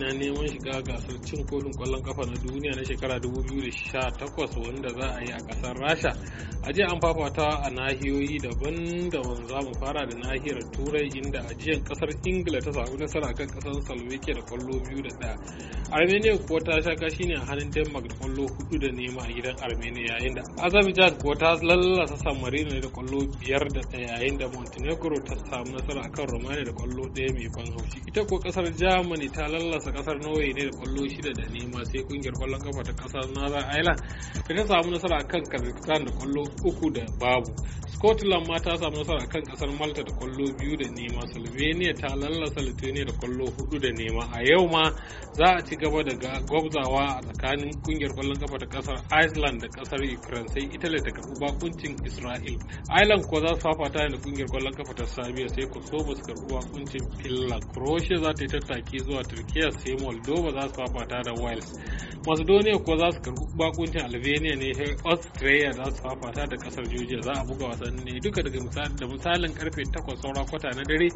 na neman shiga gasar cin kolin kwallon kafa na duniya na shekara 2018 wanda za a yi a kasar rasha a jiya an fafata a nahiyoyi daban-daban za mu fara da nahiyar turai inda a jiyan kasar ingila ta samu nasara kan kasar salvakia da kwallo biyu da daya armenia kuwa ta sha kashi ne a hannun denmark da kwallo hudu da nema a gidan armenia yayin da azerbaijan kuwa ta lallasa samarina da kwallo biyar da ɗaya yayin da montenegro ta samu nasara akan romania da kwallo ɗaya mai ban haushi ita kuwa kasar germany ta lallasa kasar norway ne da kwallo shida da nema sai kungiyar kwallon kafa ta kasar northern ireland da ta samu nasara akan kazakhstan da kwallo uku da babu scotland ma ta samu nasara akan kasar malta da kwallo biyu da nema slovenia ta lallasa lithuania da kwallo hudu da nema a yau ma za a ci gaba da gwabzawa a tsakanin kungiyar kwallon kafa ta kasar Iceland da kasar Ukraine sai Italy ta kafu bakuncin Israel. Ireland kuwa za su fafata da kungiyar kwallon kafa ta Serbia sai Kosovo su karbi bakuncin Finland. Croatia za ta yi tattaki zuwa Turkiya sai Moldova za su fafata da Wales. Macedonia kuwa za su karbi bakuncin Albania ne sai Austria za su fafata da kasar Georgia za a buga wasanni duka daga da misalin karfe 8 saura kwata na dare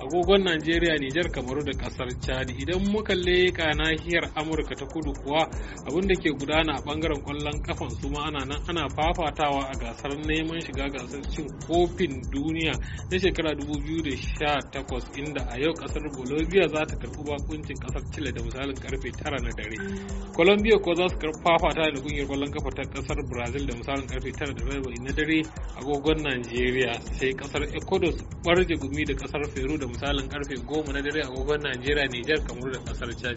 agogon nigeria Nijar Kamaru da kasar Chad idan muka leka nahi nahiyar amurka ta kudu kuwa abinda da ke gudana a bangaren kwallon kafan su ma ana nan ana fafatawa a gasar neman shiga gasar cin kofin duniya na shekara 2018 inda a yau kasar bolivia za ta karɓi bakuncin kasar chile da misalin karfe 9 na dare colombia ko za su fafata da kungiyar kwallon kafa ta kasar brazil da misalin karfe 9 da rabi na dare agogon nigeria sai kasar ecuador barje gumi da kasar peru da misalin karfe 10 na dare agogon nigeria niger kamar da kasar chad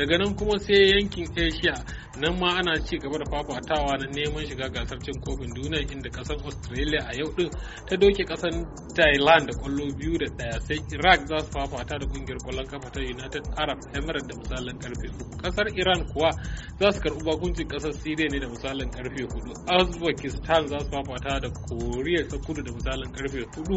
daga nan kuma sai yankin asia nan ma ana ci gaba da fafatawa na neman shiga gasar cin kofin duniya inda kasar australia a yau din ta doke kasar thailand da kwallo biyu da daya sai iraq za su fafata da kungiyar kwallon kafa ta united arab emirates da misalin karfe uku kasar iran kuwa za su karbi bakuncin kasar syria ne da misalin karfe hudu uzbekistan za su fafata da korea ta kudu da misalin karfe hudu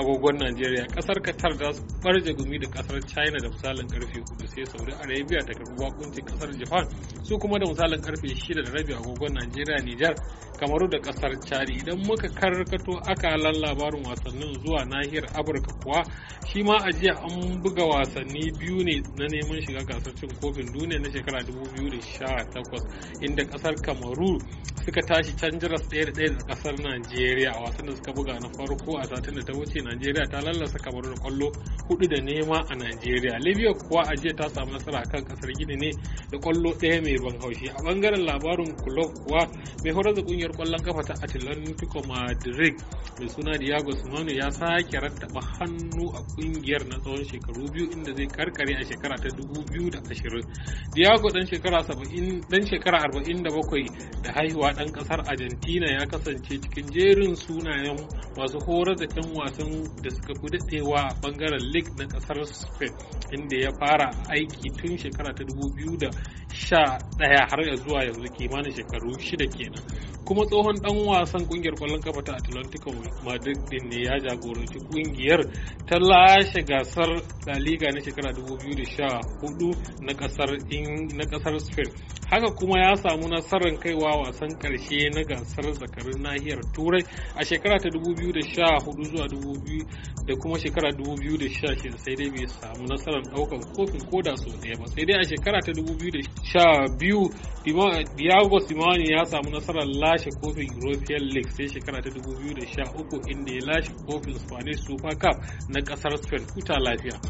agogon nigeria kasar katar za su barje gumi da kasar china da misalin karfe hudu sai saudi arabia ta daga ruwa kasar japan su kuma da misalin karfe 6 da rabi agogon najeriya nijar kamaru da kasar chari idan muka karkato akalan labarin wasannin zuwa nahiyar afirka kuwa shi ma a jiya an buga wasanni biyu ne na neman shiga gasar cin kofin duniya na shekara 2018 inda kasar kamaru suka tashi can jiras ɗaya da ɗaya da kasar Najeriya a wasan da suka buga na farko a satin da ta wuce Najeriya ta lallasa kamar da kwallo hudu da nema a Najeriya. Libya kuwa a jiya ta samu nasara kan kasar Gini ne da kwallo ɗaya mai ban haushi. A bangaren labarin kulob kuwa mai horar da kungiyar kwallon kafa ta Atlantico Madrid mai suna Diego Simeone ya sake rattaba hannu a kungiyar na tsawon shekaru biyu inda zai karkare a shekara ta 2020. Diego dan shekara 40 dan shekara 47 da haihuwa ɗan kasar argentina ya kasance cikin jerin sunayen masu horar da 'yan wasan da suka fi daɗewa a ɓangaren league na kasar spain inda ya fara aiki tun shekara ta 2011 har ya zuwa yanzu kimanin shekaru shida kenan kuma tsohon ɗan wasan ƙungiyar ƙwallon kafa ta atlantico madrid din ne ya jagoranci ƙungiyar ta lashe gasar la liga na shekara 2014 na ƙasar spain haka kuma ya samu nasarar kaiwa wasan karshe na gasar zakarun nahiyar turai a shekara ta 2014 zuwa 2000 da kuma shekara 2016 sai dai bai samu nasarar daukan kofin koda sau daya ba sai dai a shekara ta 2012 diago simoni ya samu nasarar lashe kofin european league sai shekara ta 2013 inda ya lashe kofin spanish super cup na kasar spain huta lafiya